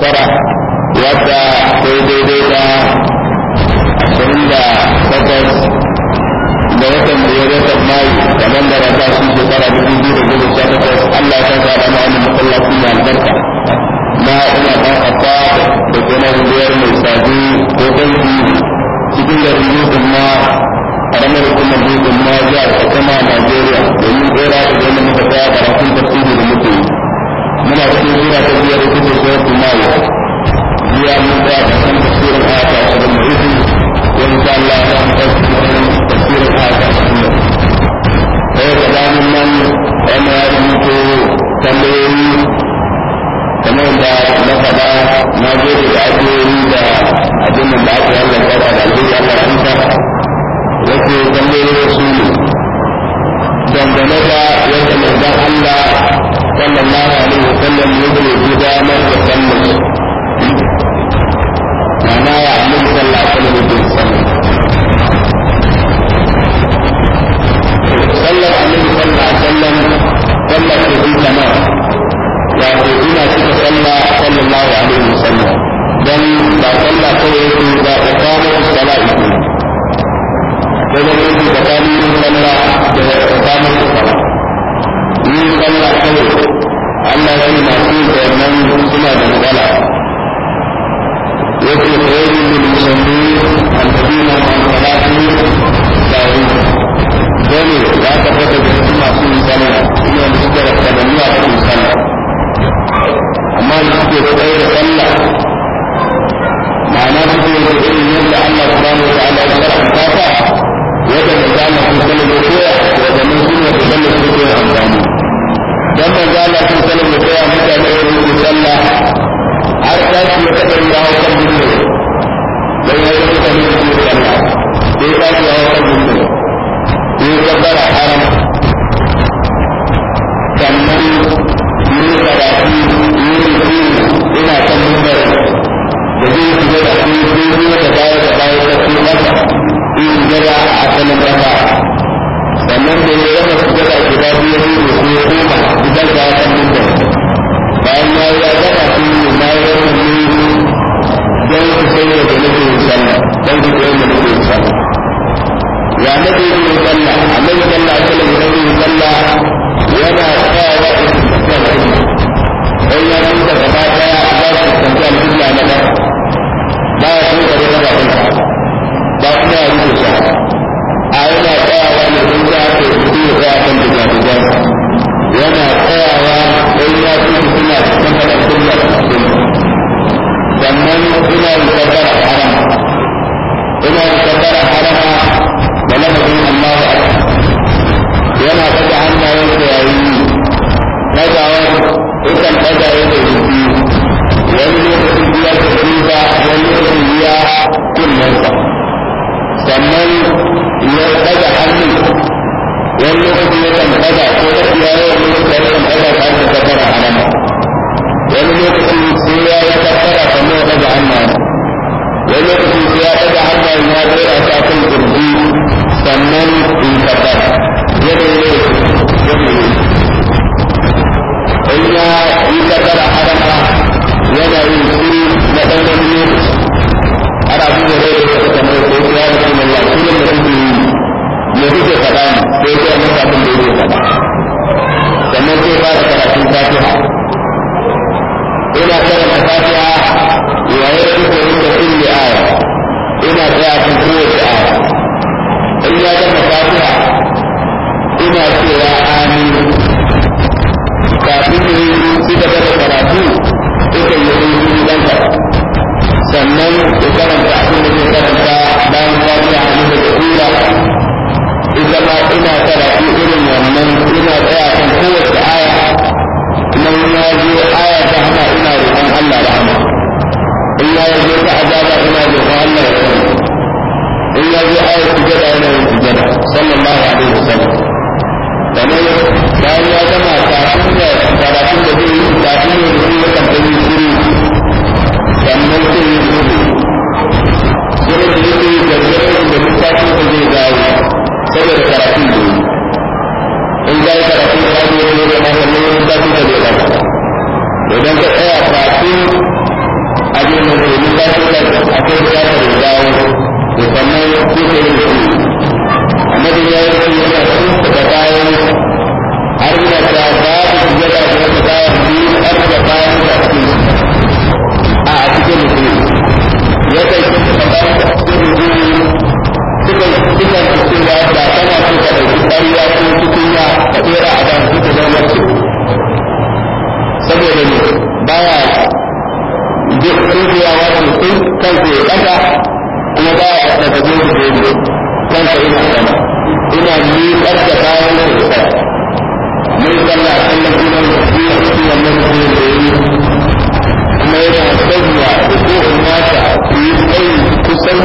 mufassara wadda sai daidai da ashirin da takwas da watan biyar watan mayu kamar da rata shi shekara dubu biyu da goma sha takwas Allah ya sa da ma'anin masallaci mai albarka na ina ɗan ƙasa da kuma biyar mai sabi ko ɗanki cikin garin yusuf na ƙaramar hukumar yusuf na jihar Katsina Najeriya domin ɗora da zama muka tsaya karatun tafsiri da muke yi. muna cikin sura ta biyar ita ce suratul maida biya mun da kan tafsirin ayata ta da mu'izi wa insha Allah za mu tafsirin tafsirin ayata ta da sai da damin nan ana yin ko tambayoyi kamar da na faɗa na je da ajiyoyi da abin da aka yi Allah ya da alheri Allah ya amsa wato tambayoyi su ne dangane da yadda manzon Allah صلى الله عليه وسلم يدري قدامه وسلم معناه يعلم صلى الله عليه وسلم صلى النبي صلى الله عليه وسلم صلى في سماء يعني إلى كيف صلى صلى الله عليه وسلم بل لا صلى كيف لا أقام الصلاة إذا كنت تقام صلى إذا أقام الصلاة yin Allah kawai Allah ya yi masu yin wannan suna da matsala yake koyar da musulmi alfadina a salatu sa'i dole ya tabbata da su masu yin ina da suka rakkadani a cikin sallah amma da suke koyar da sallah ma'ana suke da irin yadda Allah subhanahu wa ta'ala ya karanta ta yadda da zamu ina miƙar da bayan kyautar mun sallah sallar iman tafiya wannan kuma da yi kuma yana sanya da ko in nata yi tsayi kusan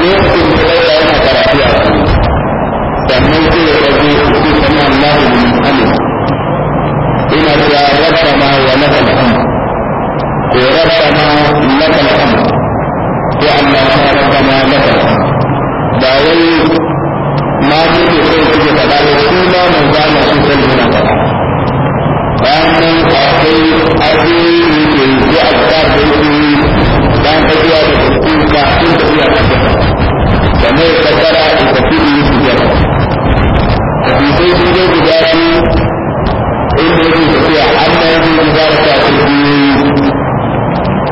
lokacin da yana karatu a su sannan sai ya rage su ce sama Allah min hamid ina cewa ma wa lakal hamd ko rabbana lakal hamd ko Allah rabbana lakal hamd ba wai ma ne ne kai suke faɗa ne su ma manzo Allah sun san yana faɗa bayan nan akwai azumi da ke yi da yake yi dan tafiya da kuma kafin tafiya da kuma mai kaddara da tafi da yake da hadisai sun je guda su inda yake tafiya amma yanzu da za ta tafi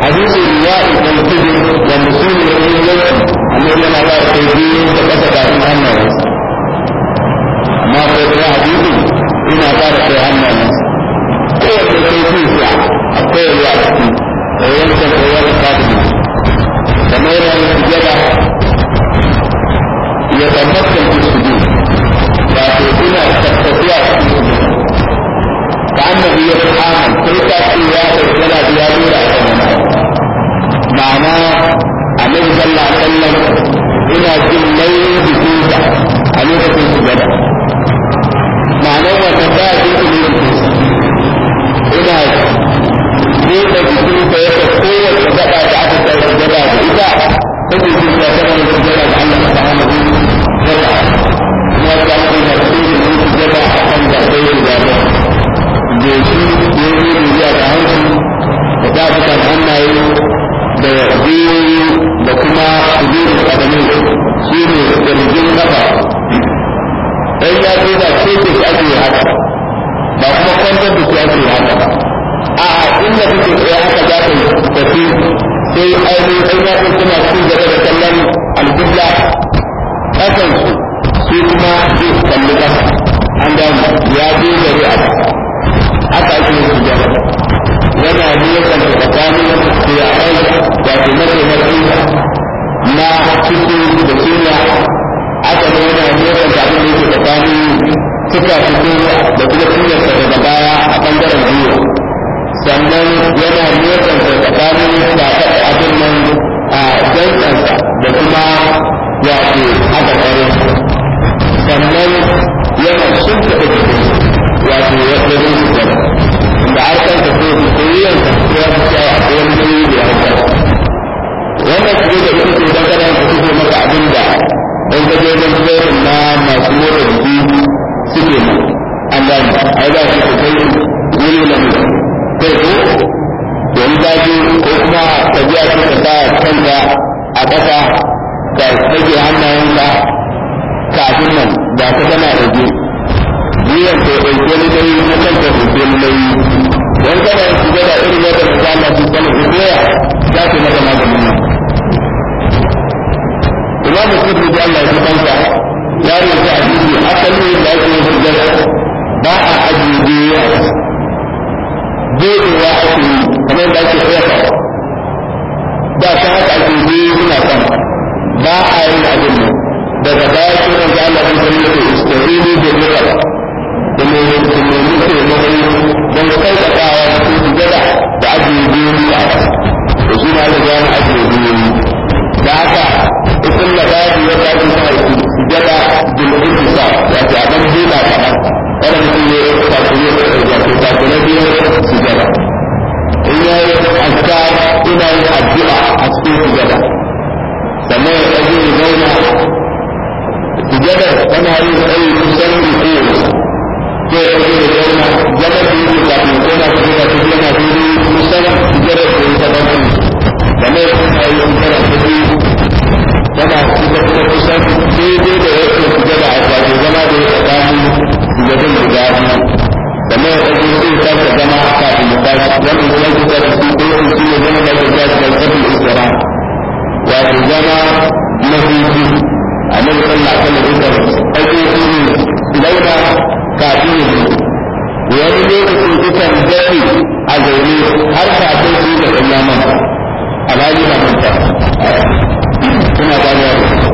hadisi riwa'i kan tudin da musulmi ne yake annabi yana ba da kai da kasa kafin hannayensa na kai da ya ina fara kai hannun kowace kai tusiya akwai ruwa a ciki koyon can koyon kafin kamar yana yin sujada ya tabbatar da sujud wato ina tattafiya a cikin كأنه يتحامل كيف إياه الجنة بيامير أكمنا معناه عليه صلى الله عليه وسلم إلى جلين بسيطة عليه بسيطة ma'anar wata ba a cikin ina jefa jikin ta yadda kowace gaba da aka sa su gaba da ita ta ce ce ta gaba da gaba da Allah ta hana su gaba kuma ta ce ta ce ta gaba a kan da ta yi gaba da shi ya yi da ta hanci yake istazini kuma muke don sauƙaƙawa cikin sujada da ajiye biyu a ma da gane ajiye biyu da haka isin ya ta ce sa sujada bil intisa a mutum ya yi in ya yi ina addu'a a cikin sujada sannan ya gadar tana yin tsayi kusan riko sai ya fito da zauna gadar da yake kafin koma su zuwa su yana fili kusan gadar da yake kafin da mai kuma yi in tana fili tana kusa kuma kusan daidai da yake su gada a kafin zama da ya tsakanin gadar guda biyu da mai ɗauki sai ta ka zama kafin ya tashi wannan zama ki tashi su ko in shi ne zama da ya tashi da kafin isra wato zama mafi annabi sallallahu alaihi wasallam ake yin launa kafin wani lokaci kusan dafi a zaune har kafin su da ɗan naman alhali ba manta suna to haka mun ga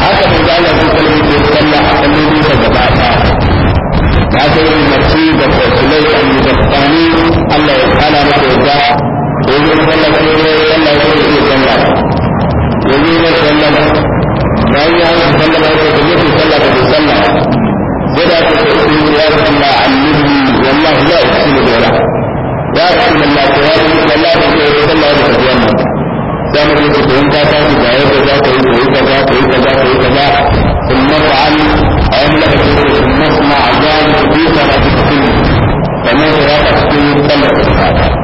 Allah sallallahu alaihi sallah a kan nisa gaba ɗaya ya sai yin mace da fasulai a mutafani Allah ya kala na da yadda da yin sallah sallah sallah sallah sallah bayan ya yi sallama ya ce yake sallah da bai sallah sai da aka ce ibnu ya rasulullah allimni wallahi la uksilu bi wala ya rasulullah ko ya rasulullah ko ya sallah da tafiyan nan sai mun ce to in ka tashi a yadda za ka yi ko kaza ko kaza ko kaza ثم افعل عملك ثم yi ذلك في صلاتك كله فما صلاتك في صلاتك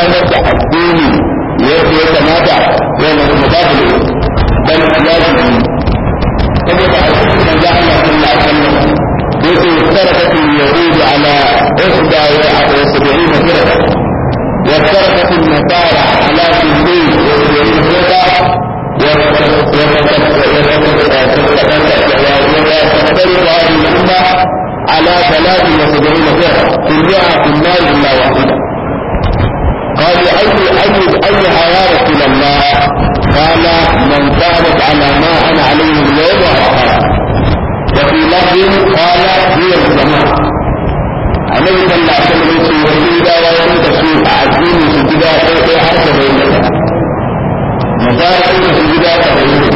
gudanar da addini yadda ya kamata yana kuma babu ne dan lazimi saboda a cikin manzo Allah sallallahu alaihi wasallam yake tarakat al-yahud ala 71 firqa wa tarakat an-nasara ala 72 firqa وتختلف هذه الأمة على ثلاث وسبعين فرقة كلها في النار إلا واحدة قالوا أي أي أيها يا رسول الله قال من ثابت على ما أنا عليه الليل وأصحابه وفي لفظ قال هي الجماعة النبي صلى الله عليه وسلم يقول ويوم تسوق عزيمي سجدا فوق حرف بينك مزارع سجدا فوق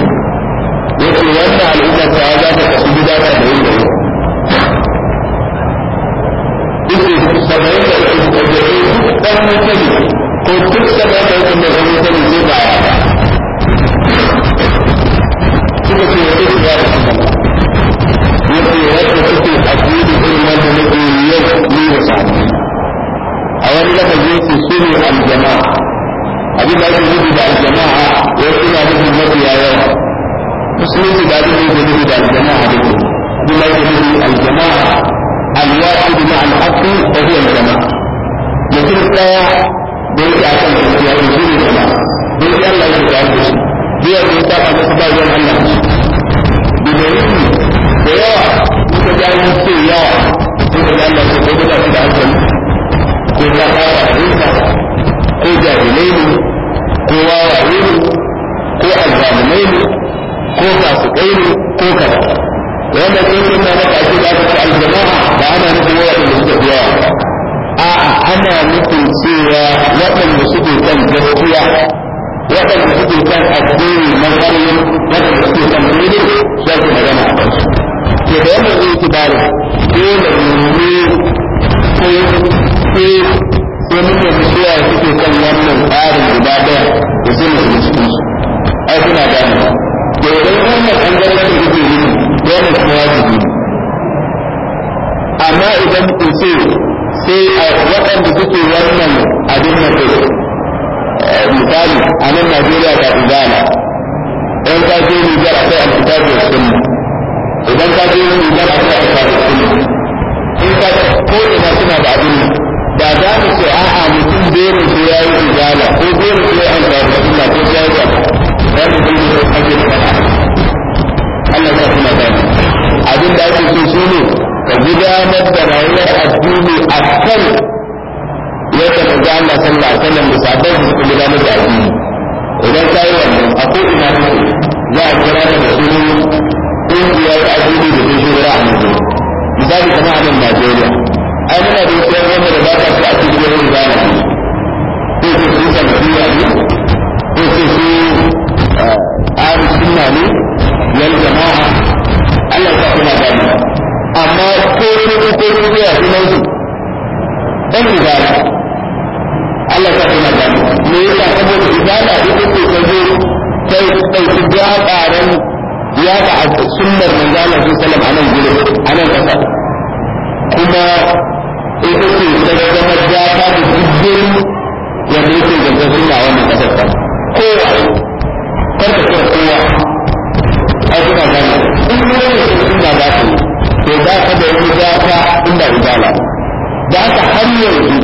يقول وأنت على الأمة سعادتك سجدا تبعينك tsawon sani ko duk saba da yake ta tsawon da sai ba ya ba suka ce wata su ba da su ba yadda yadda suke haƙuri da irin wanda nake yau ni da sami a wani lafazi su su ne aljama'a abin da ake nufi da aljama'a wasu na nufin mafiya yawa musulunci ba zai yi nufi da aljama'a da ke kuma yake nufi aljama'a الواحد مع الحق فهو الجماعة mutum ɗaya da yake akan gaskiya ne shi ne sama da yake Allah yake tare da shi biya da ya saba masa ba ruwan Allah da dalili da yawa suka ga yawa cewa waɗanda suke kan gaskiya waɗanda suke kan addini na ƙarni waɗanda suke kan dole za su magana a kansu ke da yadda zai ki bari dole ne sai sai sai muke tafiya suke kan wannan tsarin guda ɗaya da sai mu shiga cikin su ai kuna gane wannan an ga wanda yake dole kuma wajibi amma idan ku ce sai waɗanda suke wannan abin na kai eh, misali a nan najeriya ga izana ɗan ka je nijar akwai alkitabu da sunna idan ka je nijar akwai alkitabu da sunna in ka ko ina suna da abin da za mu ce a'a mutum dole sai ya yi izana ko dole sai ya yi alkitabu da sunna ko ya yi za mu je da ake Allah ya kuma abin da ake so su ne ka gudanar da rayuwar addini a kan yadda ka ga Allah sallallahu alaihi wasallam da sabon su gudanar da addini idan ka yi wannan a ko ina kake za a kira da sunan addini da a mutu misali kama a nan Najeriya ai muna da wasu yan wanda da a cikin da addini ko ko sun samu biya ne ko ko su eh, arin sunna ne yan jama'a Allah ya kuma ba amma ko ko ko ko ko ya fi nan ɗan Allah ta ina da me yasa saboda ibada ita ce ta zo ta ɗauki gaɓaren ya ta sunnar manzo Allah sallallahu alaihi anan gure anan kasa kuma ita ce ta zama gata da dukkan yadda yake gaba sunna wannan kasar ta kowa in ba izala da haka har yanzu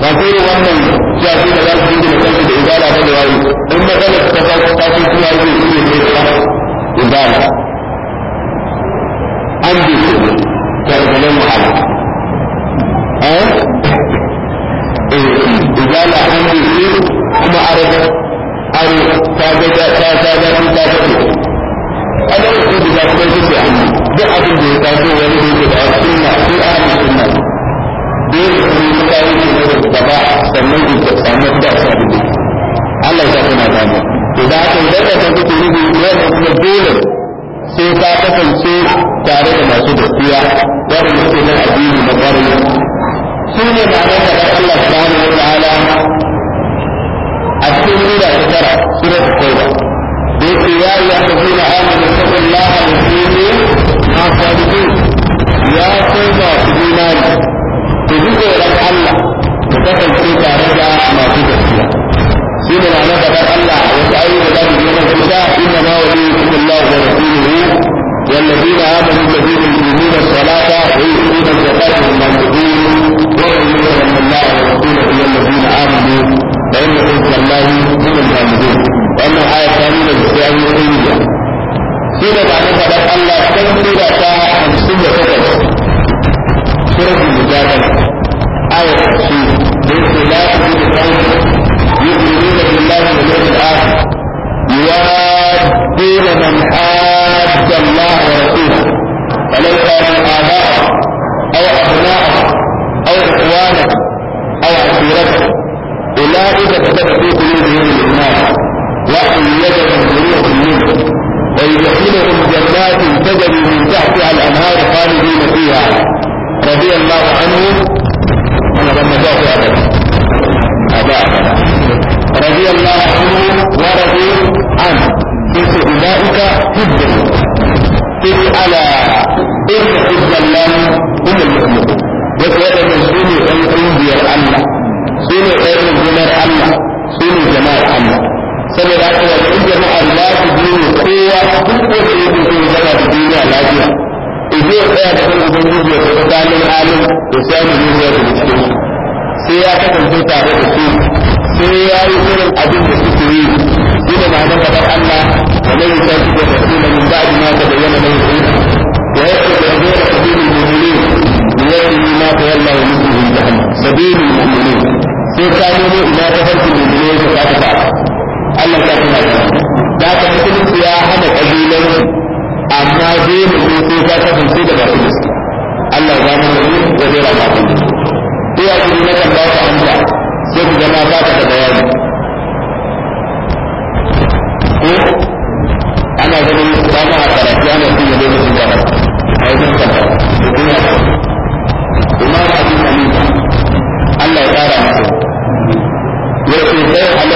ba sai wannan ya ce da za su yi da kansu da izala ba da wayi in magana ta farko ta ce kuma yi su ne sai ta izala an bi su karbalin mu'ala eh izala an bi su kuma arabar are ta ga ta ta ta ta ta ta ta ta ta ta ta ta ta ta duk abin da ya taso wani da yake da sunna ko ahli sunna duk wani mutane ne da gaba sannan in ta samu da sabu Allah ya kuma ta mu to da ka idan ka san kuke rubu ne kuma dole sai ka kasance tare da masu gaskiya wanda suke nan addini na kwarai su ne da nan da Allah subhanahu wa ta'ala a cikin sura ta tara sura ta tauba da yake ya yi wa kafina an ayyuha ya kai masu imani ku ji tsoron Allah ku kasance tare da masu gaskiya shi ne ma'anar faɗar Allah a wasu ayyuka da za mu zo kan kusa inna ma waliyukum Allah wa rasuluhu والذين آمنوا الذين يؤمنون الصلاة ويؤتون الزكاة مما يؤمنون ومن يؤمن الله ورسوله إلى الذين آمنوا فإن الله هم الغالبون وأما الآية الثانية بسؤال إذا بعد فقد الله تنزل ساعة خمسية فقط سورة المجادلة آية خمسين بإذن الله يؤمنون بالله واليوم الآخر يوادون من حاد الله ورسوله ولو كانوا آباءهم أو أبناءهم أو إخوانهم أو عشيرتهم أولئك كتب في قلوبهم الإيمان وأيدهم ويدخلهم جنات تجري من تحتها الانهار خالدين فيها رضي الله عنه انا لما جاءت رضي الله عنه ورضي عنه بس اولئك حزب بس على ان حزب الله هم المؤمنون وكذا من سنه ان انزل الله سنه ان انزل الله سنه جمال الله saboda haka wannan jama'ar za su biyu kowa duk wanda ya yi ya zama da duniya lafiya idan ya tsaya da kan ubangiji ya fita tsanin halin da samun duniya da cikin sai ya kasance tare da su sai ya yi irin abin da suke yi shi ne ma'anar gaban Allah wa mai yusa shi da rasula min ba'di ma ta bayyana mai yusa wa yasku da yadda da sabili mu'minin yadda ma ta yalla wa mutum jahannam sabili mu'minin sai ka nemo ina ta farkin mu'minin ka ta ta Allah ya kuma da ka musulunci ya hana kabilan amma dai mu sai ka kasance da masu gaskiya Allah ya mu ne da dai rama sai ya na tambaya ka amsa sai ku zama ba ka da bayani ko ana ganin dama a karatu ana cin da dai mutum da a yi zan kanta da duniya ba Umar Abdul Hamid Allah ya kara masa yake sai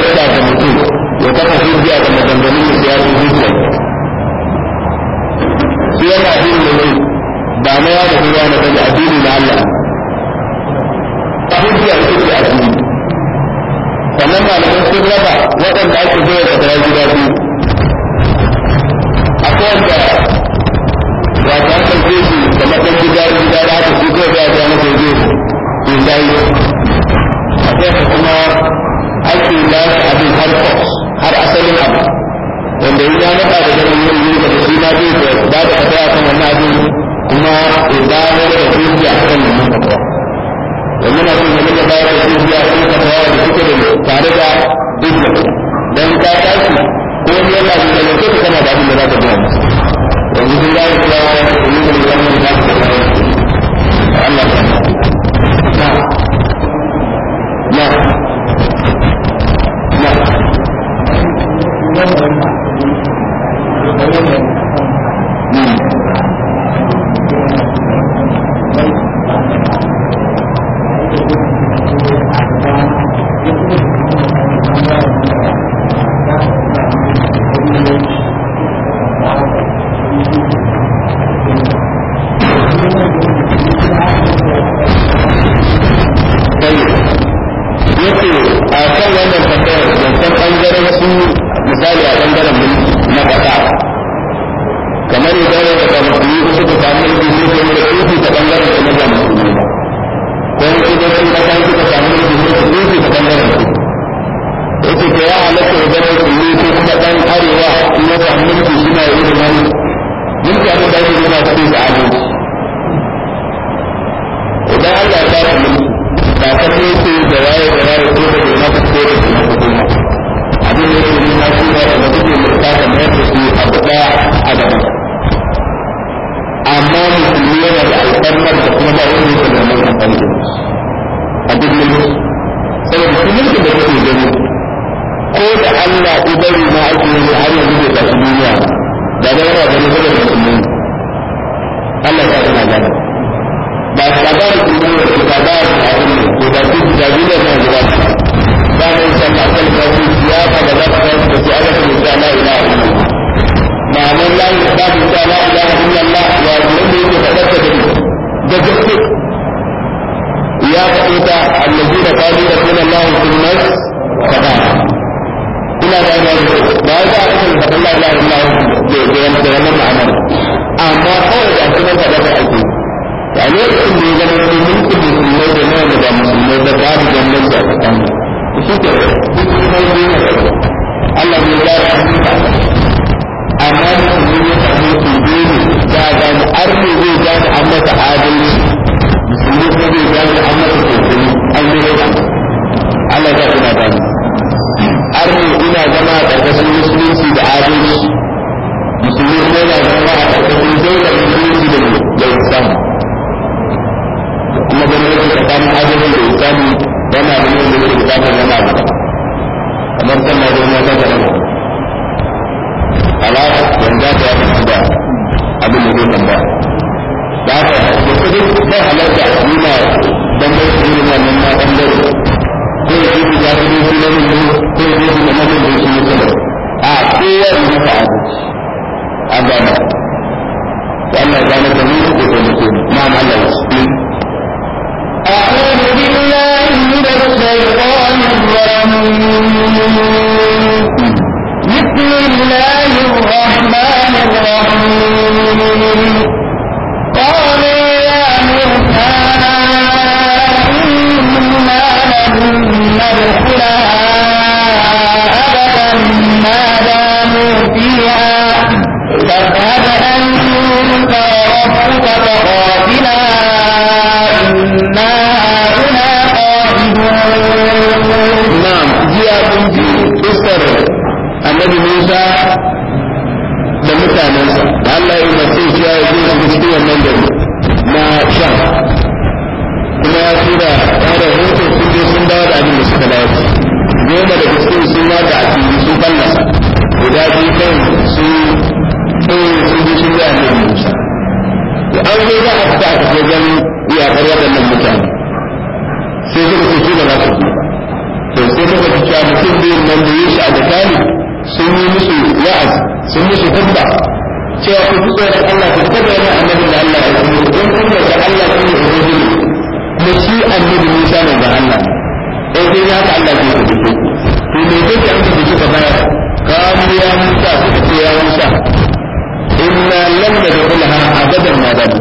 ba kan ne su da waye da waye ko da na ku ko da na abin da yake nuna shi ne da kuke ta da yadda su abu daya a gaba amma musulmi yana da alfarmar da kuma ba wani yake da nan alfarmar a duk mulki saboda shi mulkin da kuke gani ko da Allah ubari ma ake yi har yanzu bai tafi duniya ba ta da yana ganin saboda Allah ya tsara gaba ba sadar kuma da sadar a da ko da su da duniya ta gaba ba ne san akan da su ya ba da zaka da su da da ta da da ilaha illallah ma'anar la ilaha da la da illallah ya wanda yake fadar da ni da gaske ya faɗi ta annabi da kaji da kuma Allah sun mai kada ina da ya ba za a kan da la ilaha illallah da da wannan ma'anar amma kawai da kuma da ake a lokacin da ya zama wani mulkin musulmai da na wanda ba musulmai ba babu gwamnati a tsakanin su ke duk sai ne na Allah ne ya yi amma musulmi ya samu su ne da ga arme zai ne an masa adalci musulmi ko zai gane an masa kokari an yi rasa Allah ya kuna gani arme ina zama a ƙarƙashin musulunci da adalci musulmi ko na zama a ƙarƙashin daular musulunci da islam kuma gwamnati tsakanin adalci da isani yana da ne da yake bukatar yana da kamar kan na zama ta zama ala yanzu ta yi da abin da zai tambaya da haka da kudi zai halarta nuna bambar su irin wannan na bambar ko ya ce ku zafi ne ko ya da mutum da su mutum a kowa yi masa adalci a gama بسم الله الرحمن الرحيم قال يا موسى إنا لن ندخلها أبدا ما داموا فيها فاذهب أنت وربك ji kisar annabi Musa da mutanensa da Allah ya mace shi ya yi da cikin wannan da na sha kuma ya tura ta da hoton sun je sun dawo da abin da suka lafi goma da cikin sun yada a sun ballasa guda biyu kan su sun je sun yi annabi Musa to an zo za a fita a kafa ganin iyakar waɗannan mutane sai suka ce shi ba za su to sai suka cewa mutum biyun nan da yake a misali sun yi musu wa'az sun musu hudda cewa ku ji tsoron Allah ku tabbata yana annabin da Allah ya yi don kun da Allah shi ne ubangiji ne shi annabi Musa ne da Allah eh dai ya ka Allah ke tabbata to me kake an tabbata ka bayar kamu ya Musa suka ce ya Musa inna lam nadkhulha abadan ma damu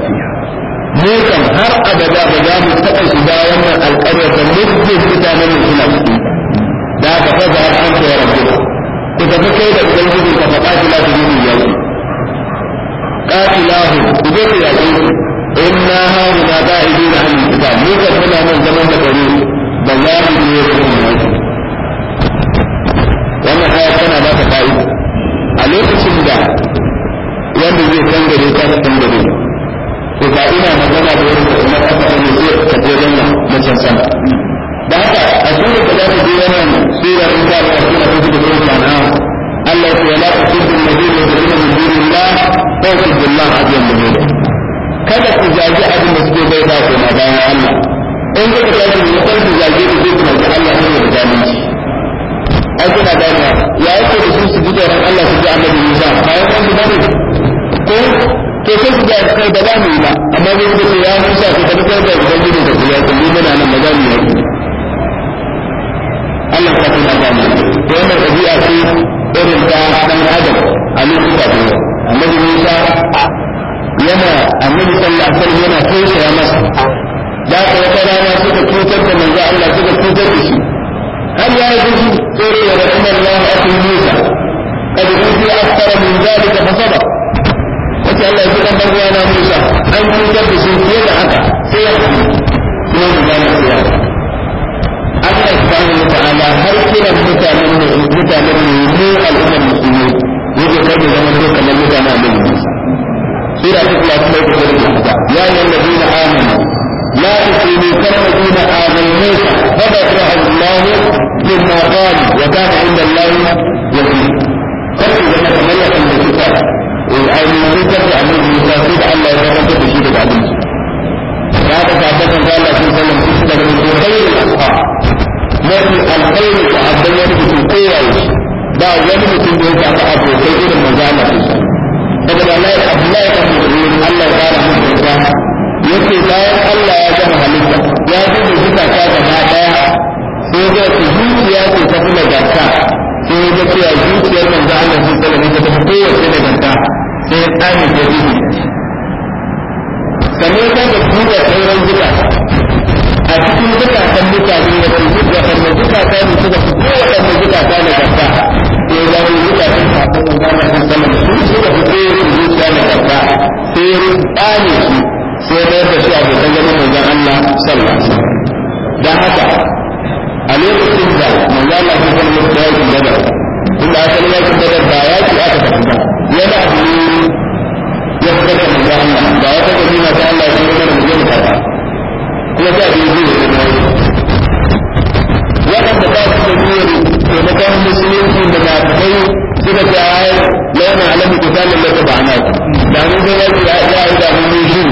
ne kan har abada ba za mu taɓa shiga wannan alƙaryar da mutum mutanen mu suna cikin ka faza har an ta yara gida ku tafi kai da ubangiji ka faɗa ki la ta yi yaki qatilahu ku je ku yaƙe ba wani mutum da ya samu abokai irin manzana su saboda Allah Abdullahi ibn Allah ya fara mun da yake bayan Allah ya gama halitta ya duba zukata na daya sai ga su zuciya ce ta fi nagarta sai ya ga cewa zuciyar manzo Allah su sai an tsani da bihi sannan ya ga duba sauran zukata a cikin zukatan mutane da su zukatan zukata ne suka fi sahabban manzon Allah sallallahu alaihi wasallam su suka fito su zuciya da karka sai ya tsane su sai ya da shi a cikin gaban manzon Allah sallallahu dan haka a lokacin da manzon Allah sallallahu alaihi wasallam ya yi gadar inda yi yakin gadar ba yaki aka tafi ba yana da ya fi daga mai da Allah ba ya daga nuna ta Allah ya daga mai yin ta kuma ta biyu biyu da mai waɗanda ba su da biyu da kan musulunci da na suka ce a yi launa alamu ta samun mata ba ana da mun san yaki ya yi da mun yi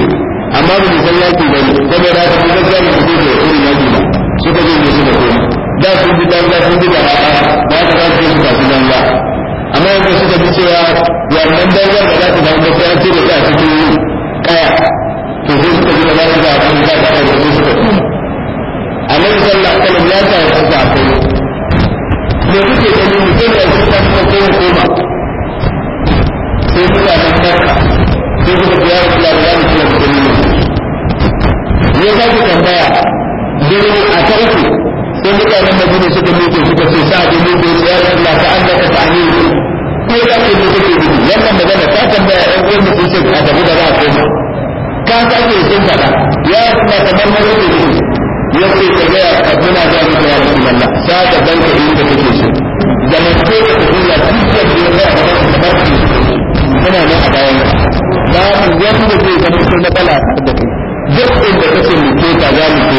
amma san yaki ba ne saboda haka mun san yaki ba ne irin yaki ba suka je ne da sun ji danga sun ji da haka ba ka za su je su kasu danga amma yanzu suka ji cewa wannan dangar da za ta zama ta yanci da ta cikin kaya to sai suka ji da za su za a kan da ta kai da su suka koma. Annabi sallallahu alaihi wasallam ya me kuke gani mu da shi kan ko mu koma sai mutane makka sai kuka ga ya Allah da mu kula da gani ne ya ku tambaya dole a tarku sai mutanen Madina suka mutu suka ce sa da mutu ya Allah ka Allah ka ta'ani ko da ke da kake gudu wannan magana ta tambaya ɗan uwan mutum sai a tafi da a koma ka ke sun faɗa ya kuma kamar mai yace gaya ga abuna da mu ya rasulullah sa da banka inda kake so da mun ko ka kula dukkan da ya ga da barki kana nan a bayan ba mu yanda zai zama kai matsala da kai duk inda kake muke ka za mu ke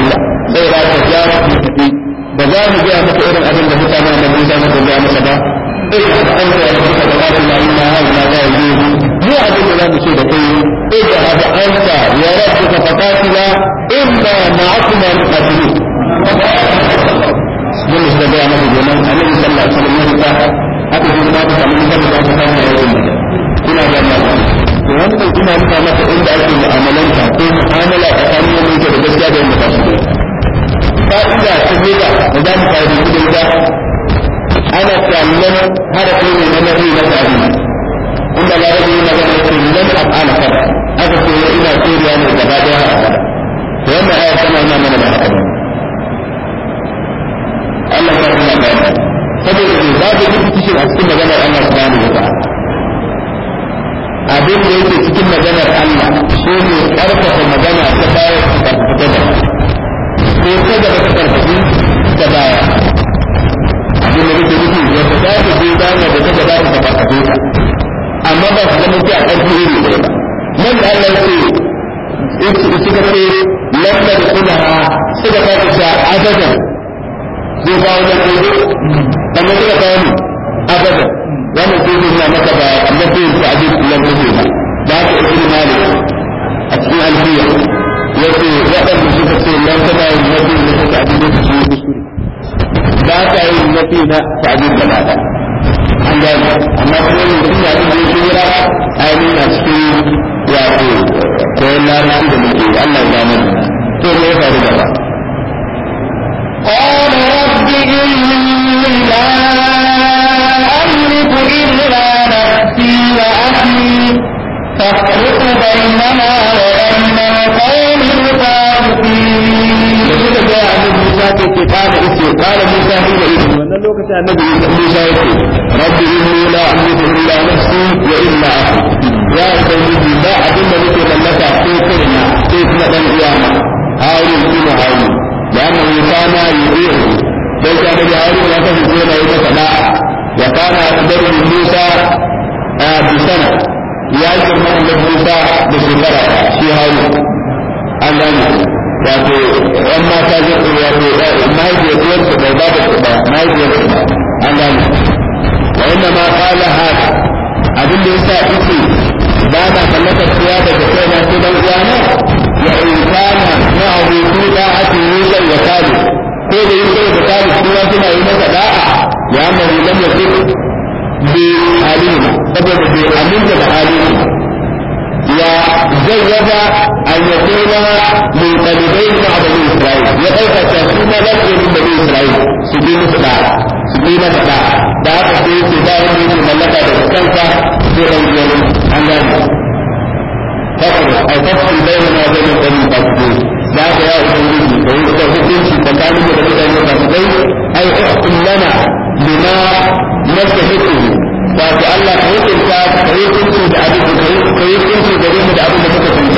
sai ra ka ja mu tafi ba za mu ga maka irin abin da mutanen da mun da maka maka ba sai ka an ka ya ka da Allah ya ma ha ina ga yi mu abin da za mu ce da kai idda hada anta ya rabbi ka fatatila inna ma'akuma al-qatilun mun da ga mu domin annabi sallallahu alaihi wasallam haka shi ma ta samu da ta samu kuna da mu to wannan ina nuna maka inda ake mu'amalanta ko mu'amala tsakanin wani da gaskiya da wanda ba fa'ida ta mega da za mu fara da ana kallon harafin ne na nari na tarihi inda larabi yana da yake lan af'ala kada aka ce ya ina koriya ne gaba daya a kada to wannan ayar tana nuna mana da haka Allah ya da saboda ne ba da duk cikin a cikin maganar Allah subhanahu wa abin da yake cikin maganar Allah shi ne karfafa magana ta baya ta fita da ko ta gaba ta karfafi ta baya abin da yake nufi ya fita da baya da ta gaba ta amma ba su zama a ƙarfi iri ɗaya ba nan da Allah ce suka ce lambar kuna suka kawo ta abadan zai kawo wani kodo amma suka abadan wannan sai zai na maka ba amma sai ba ba ka ikini malik a cikin alfiya ya waɗanda suka ce nan tana yin mafi da suka abin da su kuskure ba ka yin mafi na ta abin da gani amma kuma mutum ya fi zai kira ainihin a cikin wato koyon larabci da muke Allah ya gane to me ya faru gaba قال رب إني لا أملك إلا نفسي وأهلي فاحرق بيننا وبين القوم الفاسقين. قال موسى قال موسى إلى wannan lokacin annabi Musa ya yake rabbi inni la amliku illa nafsi wa illa akhi ya ubangiji ba abin da nake mallaka ko kaina sai kuma dan uwana harun ibn harun da annabi kana yubiru dan ka daga harun ya kasance yana yi masa da wa kana akbaru Musa a bisana ya girma annabi Musa da shekara shi harun an gane wato yan mata zai wato mahaifiyar uwarsa bai ba da kuɗa mahaifiyar kuɗa an gane wa inna ma qala ha abin da yasa yake ba na mallakar kuwa daga kaina ko dan uwana ya in kana ma'ahu fi da'ati yusan wa sabi ko da yusa da sabi kuma suna yi masa da'a ya mari lam yakun bi saboda bai aminta da halina ya zayyaba an yakuna min talibai ta bani isra'il ya kaita ta kuma da ke min bani isra'il su bi musu da su bi musu da da aka ce su da ne su mallaka da kanta su rayuwar an gane haka a tafi da yana da ne bani ba su ne da aka ya yi wuri da yi ta hukun shi ta kani da mutane ba su dai ai ku lana lima nasta hukun wato Allah ka hukunta ka yi hukunci da abin da ka yi mu da abin da muka tunta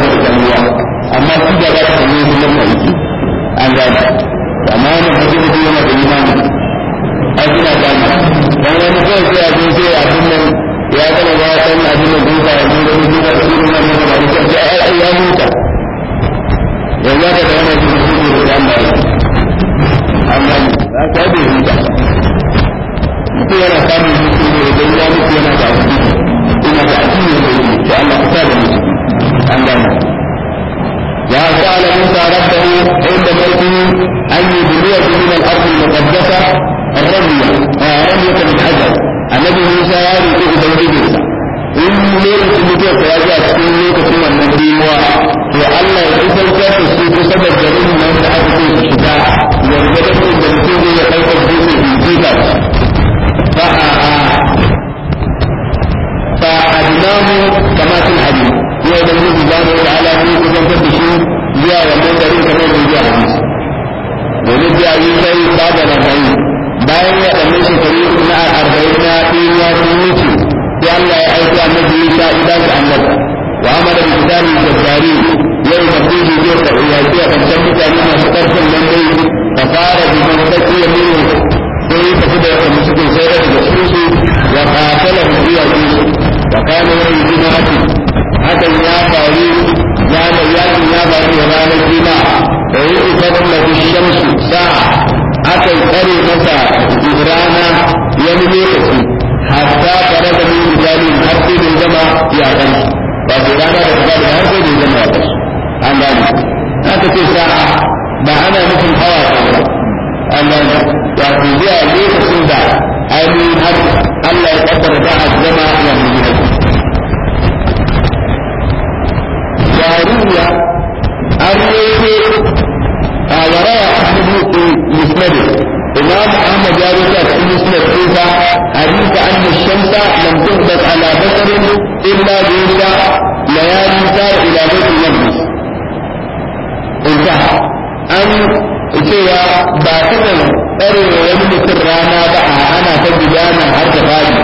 da kalmiya amma shi da kalli shi an amma da yana da imani a kina dan wani sai a zo sai a ya ba abin da duka da duka da da yanzu da ne da Allah ta da huta mutum yana samun hutu ne idan ya mutu yana da hutu ina da da yi sai Allah ka sa da mutu an gane ya fi alamun tarar da ne inda farko an yi duniya da nuna al'adu da tabbata a rami a yayin da ta hajar a nabi musa ya rike da rike sa in ne su mutu ko ya ga cikin lokacin wannan biyuwa to Allah ya isar ka ta su ko saboda garin nan da aka ce su shiga da garin da ke da kai da su ne ba a kusantar da shi zuwa wannan garin kamar da zuwa hadisi domin biya yi kai babu arba'in bayan waɗannan shekaru na arba'in na ɗaya sun wuce sai Allah ya aiki annabi Isa idan ka annabi wa amara bi kitabi jabbari ya umarci shi zai karɓi ya ce a ƙarshen mutane masu ƙarfin nan dai ka fara bi kuma ta ce ne sai ya tafi da wata musulun sai ya daga cikin su ya ƙatala mutuwa ne wa kana wani haka ya faru ya mai yakin ya faru da ranar juma'a da yi ikon da shamsu sa'a aka yi tsare masa rana wani lokaci hatta tare da mai misali har sai bai zama ya kan ba sai rana da ta da har sai bai zama ya kan an gane aka ce sa'a ba ana nufin hawa ba an gane wato zuwa lokacin da ainihin har Allah ya kaddara a إلى موسى ليالي سار إلى بيت المقدس انتهى أن cewa ba kasan tsarewa wani mutum rana ba a ana ta gudana har da fadi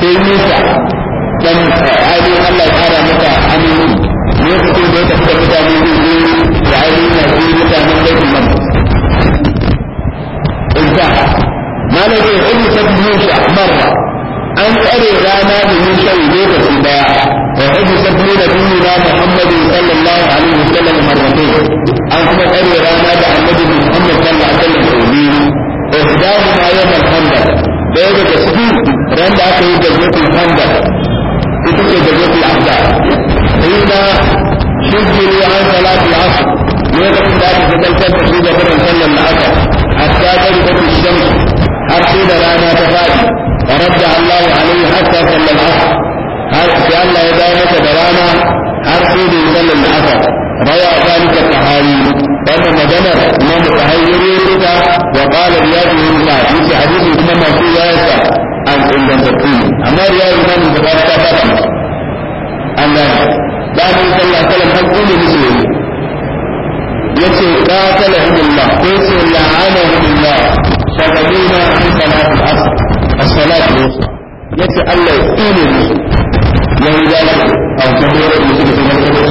sai Musa dan ainihin Allah ya kara masa aminci lokacin da ya tafi da mutane zai zo da ainihin na zai mutanen baitul maqdis inta malaka ibn sabbi Musa marra an tsare rana domin shan lokaci daya wa hajji sabbi da dini na muhammadu sallallahu alaihi wasallam marratai an kuma tsare rana da annabi muhammad sallallahu alaihi wasallam sau biyu ihdahu ma yawm al-hamdal daya daga cikin ran da aka yi gazzatul hamdal ita ce gazzatul ahzab ina shiggiru an salatu al-asr lokacin da aka fitar da shi da barin sallar al-asr hatta ta rubuta shamsu har sai da rana ta fadi فرد الله عليه حتى صلى العصر هل في أن إدامة دراما هل في بيزل العصر روى ذلك الطحاوي فأما مدمر إمام يريدك وقال رياض من الله في حديث كما في رواية عن ابن تقيم أما رياض بن البخاري تابعه أن بعد صلى الله عليه وسلم حكم مسلم yace qatalahum الله ko ce la'anahum Allah الله an في al-asr as-salat ne yace Allah ya tsine mu ya yi zalika a kuma da mutum da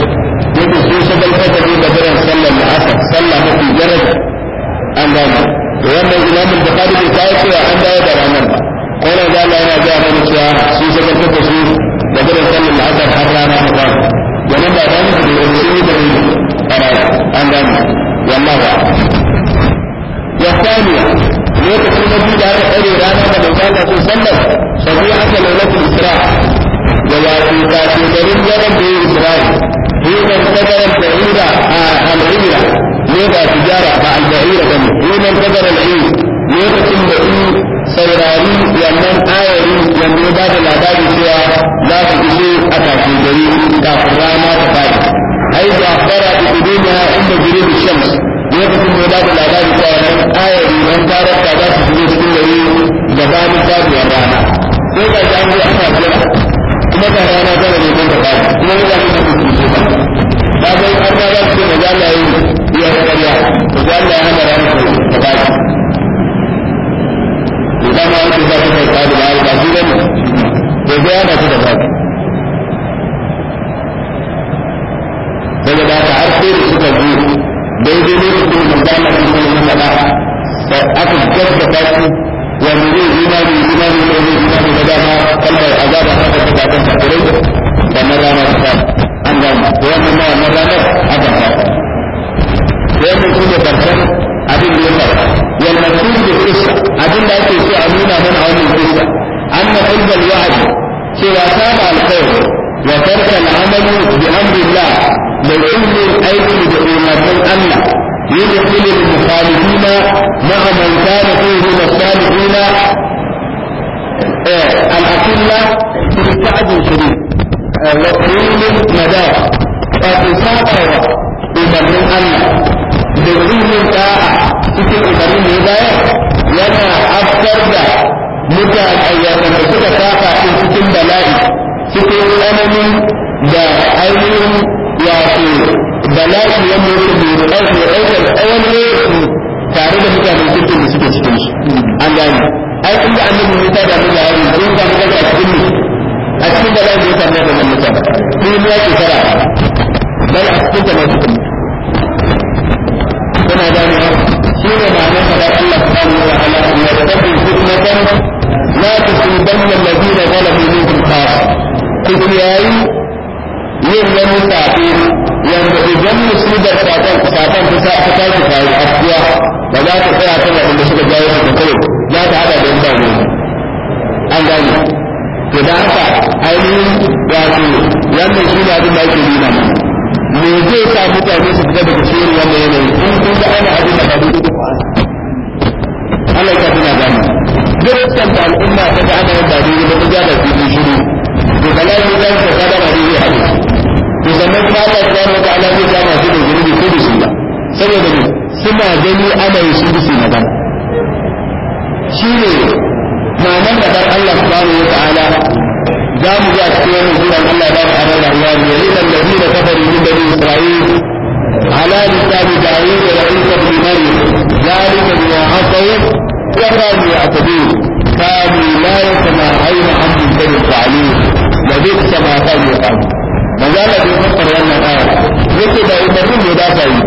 yake ba umarnin ne ba ta yi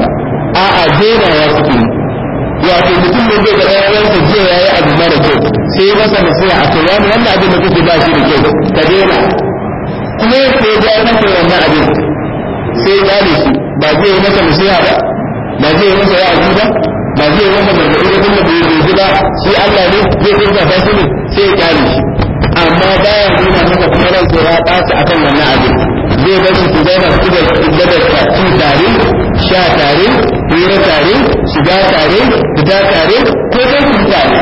a a daina ya suke wato mutum ne zai ga ɗayansa jiya ya yi abu mara kyau sai ya masa nasiha a kai wani wannan abin da kake ba shi da kyau ka daina kuma ya ce ya yi masa wannan abin sai ya ƙare shi ba zai yi masa nasiha ba ba zai yi masa wa'azi ba ba zai yi masa gargaɗi da kuma bai yi ba sai Allah ne zai kirga ba shi ne sai ya ƙare shi amma baya nuna masa kuma ran ya ɓata akan wannan abin zai bar su zauna su da gaba ci tare sha tare hira tare shiga tare fita tare ko kai su tare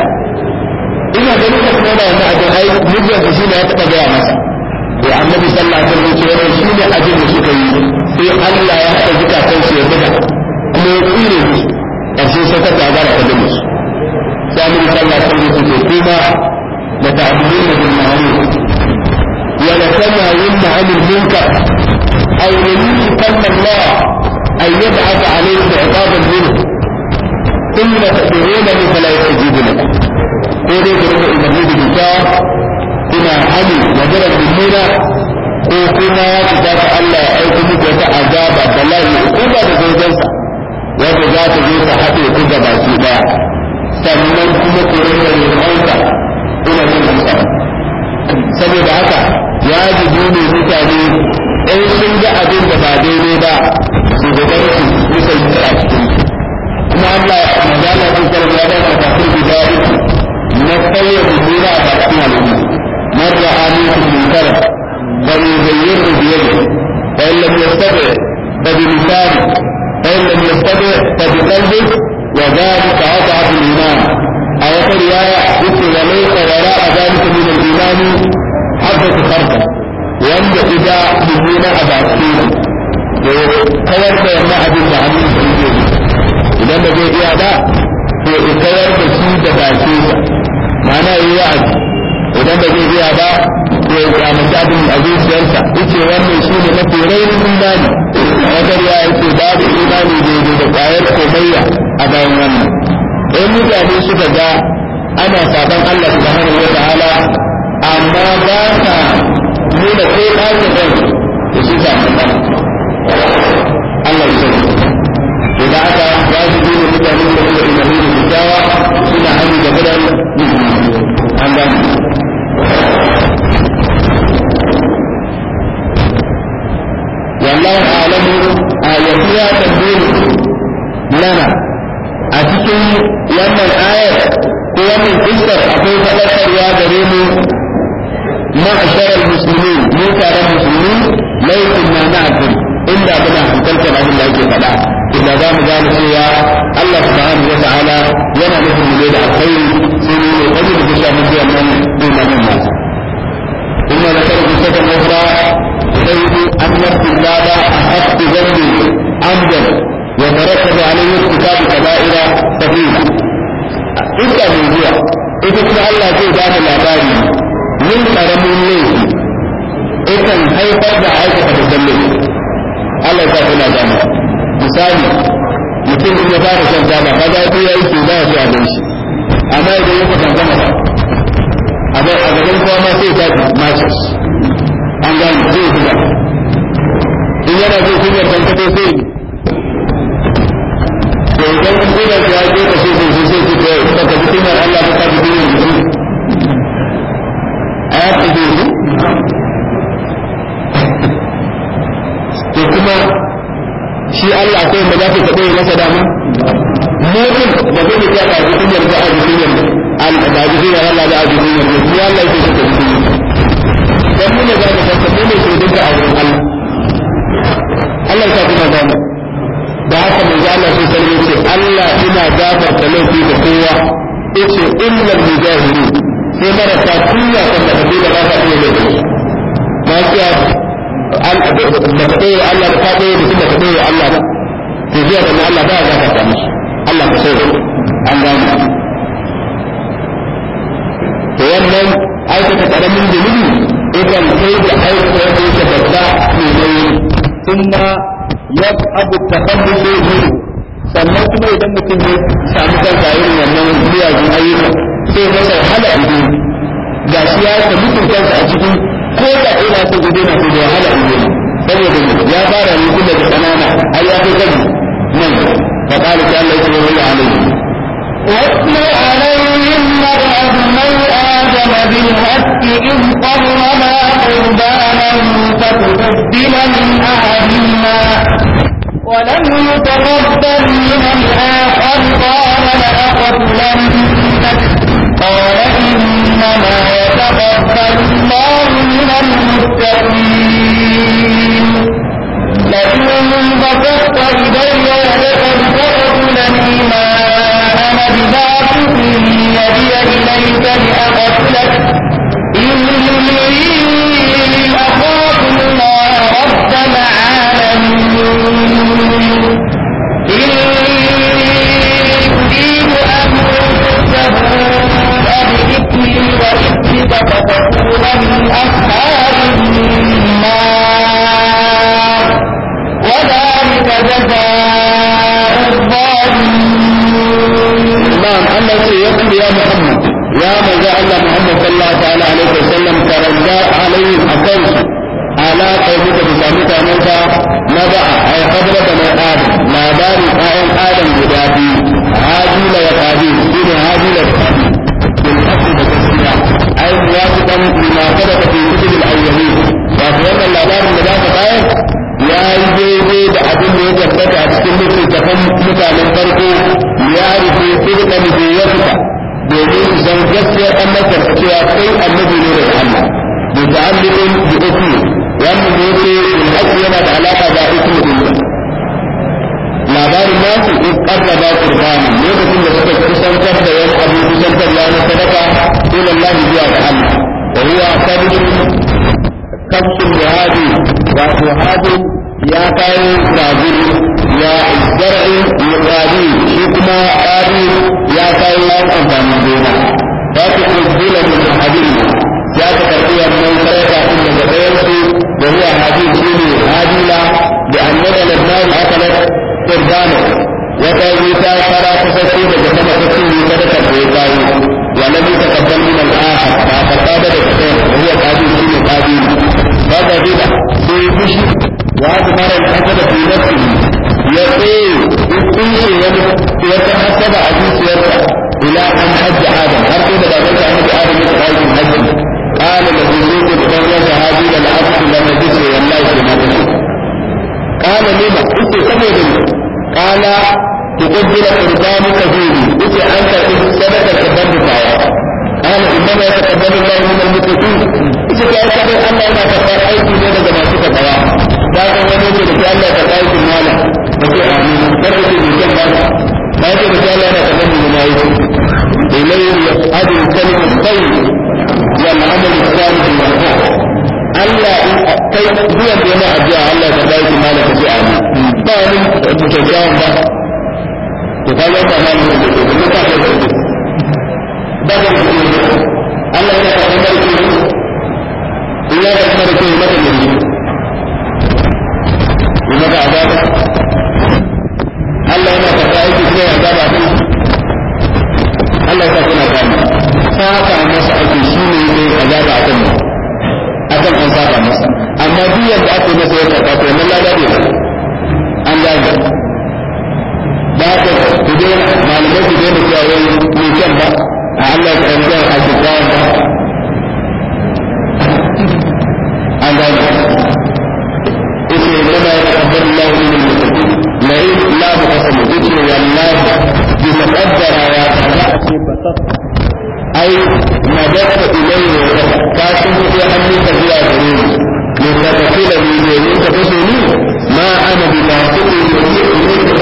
ina da nuna kuma da wannan abin ai mijin su shine ya taba gaya masa to annabi sallallahu alaihi wasallam ce wannan shine abin da suka yi sai Allah ya haɗa zukatan su ya buga kuma ya su sai ta gagara ta dinga sai annabi sallallahu alaihi wasallam kuma da ta'ammulina bil ma'ruf ولتناهين عن المنكر أو يمينكم الله أن يبعث عليكم عقابا منه ثم تدعونه فلا يستجيب لكم ودي كده المجيد بالله بما علي وجرت بالمينا وكما كتاب الله أي كمك عذاب عبد الله عقوبة بزوجنسا وجزاء تجيب حتى يكون باسي sannan kuma ku rinka neman ka ina jin kusa saboda haka ya ji ne mutane in sun ga abin da ba daidai ba su ga su musa yi a cikin kuma Allah ya magana sun karin ya dace ta sun guda uku na sauya mummuna a cikin al'umma marra kara ba bal yughayyiru da yadihi ba in lam yastati fa bi misali ba in lam yastati fa bi kalbi wa dhalika adhafu al-iman ayat ku farka wanda ida mummuna a baki da ya kawar da wannan abin da hannun su yake idan da zai iya ba to ya kawar da shi da baki ma'ana yi wa'azi idan da zai iya ba to ya kyamata abin a zuciyarsa yake wannan shi ne mafi rainin imani wajen ya yake babu imani daidai da kwayar komayya a bayan wannan in mutane suka ga ana saban Allah subhanahu wa ta'ala amma ba sa nuna ko ɗaki ɗin da shi ta ba Allah ya sani to da aka ya ji dole mutane da suka yi mahimmi da kyawa suna hannu da gudan an gani wallahu a'lamu a yasiya tambayi lana a cikin wannan ayar ko wannan kisar akwai faɗakarwa gare mu معشر المسلمين من كان المسلمين ليس ما معكم إلا بنا حكمت بعد الله تعالى إلا دام ذلك يا الله سبحانه وتعالى ينا لكم من يدع الخير سنين يجب من في أمن دون الناس إما لكي قصة أخرى سيد أن نفس الله أحق ذنبه عمدا وترتب عليه ارتكاب كبائر كثيرة إذا من هي إذا الله في ذات العبادة jin karamin laifi ikan haifar da aikata babban laifi Allah ya kuna gane misali mutum in ya fara shan taba kaga ya ya yi ba ya ci abinci amma idan ya kusan gama ba a gaban kowa ma sai ta masus an gane zai zuba in yana zai kunyar kan kato sai to idan kun kunyar ya je ka sai sai sai sai ka ji kunyar Allah akwai ba za ka taɓa yi masa dama mutum da zai ta ka ji da aji kunyar da aji kunyar Allah da aji da ta ji kunyar dan mu da za ka san mu ne ke duka a wurin Allah Allah ya kuma ga da haka manzo Allah sai sai yace Allah ina gafarta laifi da kowa yace innal mujahidin sai marasa kunya kan da kaje da ba ka iya laifi ba ka Allah da ka ɗaya Allah da ka ɗaya da kuma Allah ba to zuwa da Allah ba ya gafarta musu Allah ka sai an gane to wannan aikata karamin zunubi idan kai da aikata da yake babba ne dai kuma ya abu tafaddu ne sannan kuma idan mutum ya samu kansa irin wannan miyagun ayyuka sai masa wahala ido ga shi ya samu kansa a cikin ko da ina so gobe na so da wahala ido saboda ya fara ne tun daga ƙanana ai ya fi فقال تعالى اتلو عليهم واتلو عليهم مرأة ابني آدم بالحق إذ قربا قربانا فتقبل من أحدهما ولم يتقبل من الآخر قال لأقتلنك قال إنما يتقبل الله من المتقين لئن بسطت إلي يدك لتقتلني ما أنا بباطل واظهر الحسد في نفسه يقول يقول يتحسب عزيز يرجع الى ان حج ادم هل كنت بعدك ان ادم يتحايل الحج قال له يوسف بقرية هذه العبد لم تجد والله ما تجد قال لما قلت سبب قال تقبل قربانك فيه قلت انت سبب الحبان بتاعك قال انما يتقبل الله من المتقين قلت يا سبب ان انا تفاعلت من جماعتك بيان ta san wani yake da kyalla ta kai kun mala ba ce amin kar ku bi kan ba ba ce da kyalla na ta bani na yi ilayhi yas'adu kalimatu tayyib wal amal salih yarfa Allah in kai zuwa da yana addu'a Allah ta kai kun mala ta ce amin ba wani mutuntawa ba to ka ga ba ma ne da ke da ka ba da Allah ya ta kai kun mala akan an saba masa amma duk yadda aka yi masa ya karɓa to wannan lada ne an gaza da haka ku dai malamai ku dai da cewa wai mai kyan ba a Allah ya karɓa a shekara ba an gaza ita yi zama ya karɓa Allah ne mai mutum na yi labu kasa mutum ne wallahi bi muƙaddara ya karɓa a ce fasar ai nadarta ilayhi ka sun fito hannunka zuwa gare ka tafi da ni domin ne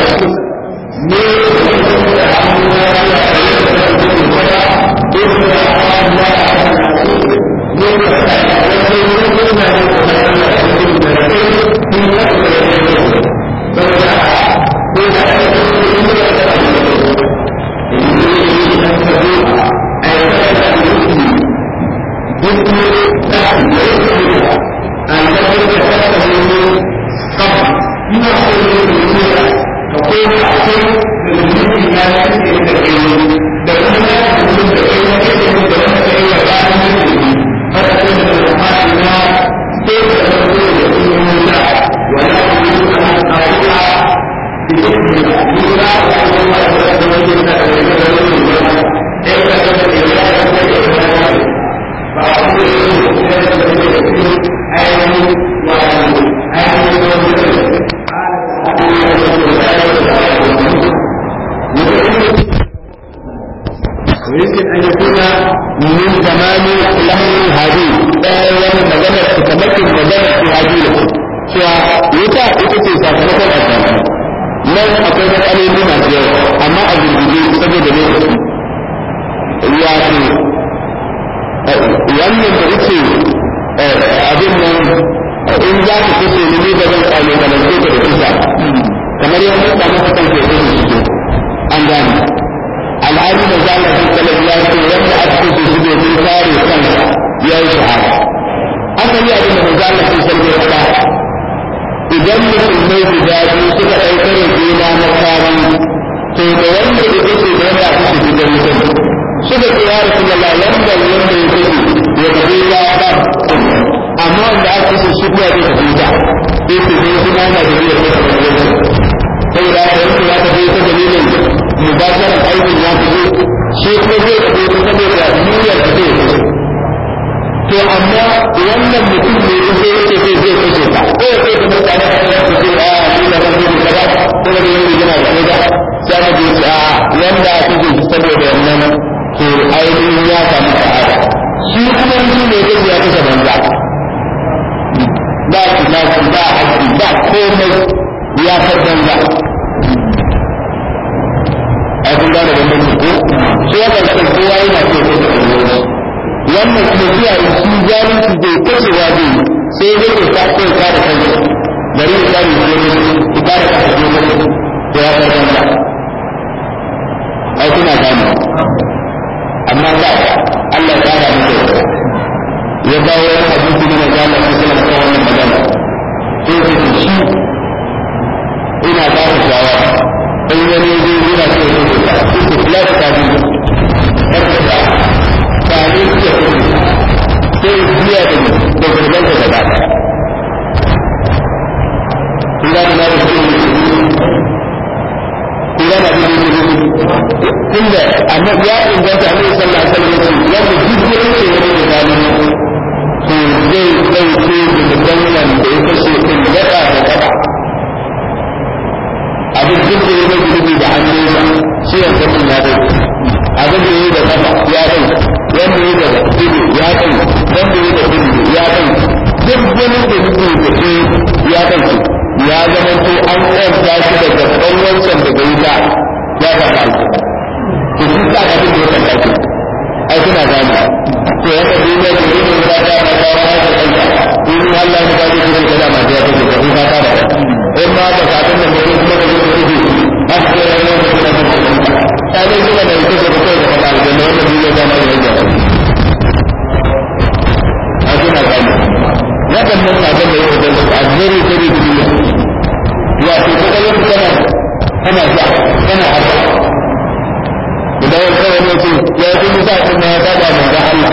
Allah ya kaje ki ka dama da kake ka in ka da in ba ka ka tun da mutum kuma ka je ka ji har sai ya yi ka da ta ne kuma da yake da kai da ka da wannan bidiyo da ma da yake a kuma ka ne wadannan sabon da yake da azuri da bidiyo ya ce ko da yake kana kana ja kana haka idan kawai ne ce ya yi musa kuma ya saba manzo Allah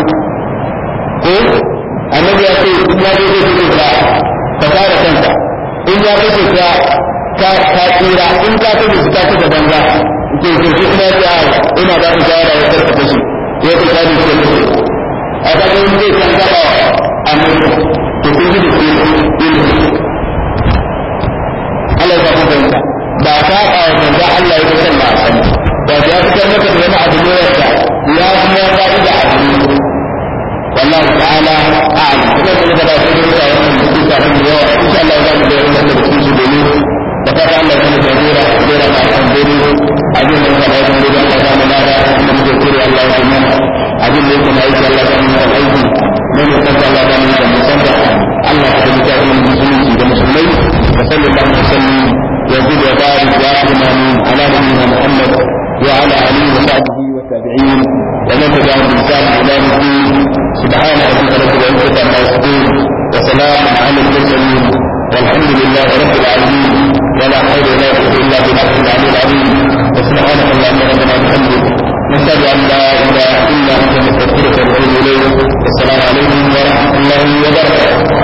ko annabi ya ce ya zai ya kashe tsira in ka ta shi ka kashe banza ke ke shi kuma ya ina shawara ya karka a ga wani zai san gaba a mutu to da kuma da daga ba sai da mutum yawa insha Allah za mu ga wannan da kuma domin da fata Allah ya da gora gora ma kan a abin da ya da gora da ta da da muke kire Allah ya mana abin da yake Allah ya aiki Allah ya da Allah ya mu musulmi da musulmai sallallahu alaihi wasallam ومن تبعهم بإحسان إلى يوم الدين سبحان ربك رب العزة عما يصفون وسلام على المرسلين والحمد لله رب العالمين ولا حول ولا قوة إلا بالله العلي العظيم وسبحانك اللهم ربنا وبحمدك نشهد أن لا إله إلا أنت نستغفرك ونتوب إليك والسلام عليكم ورحمة الله وبركاته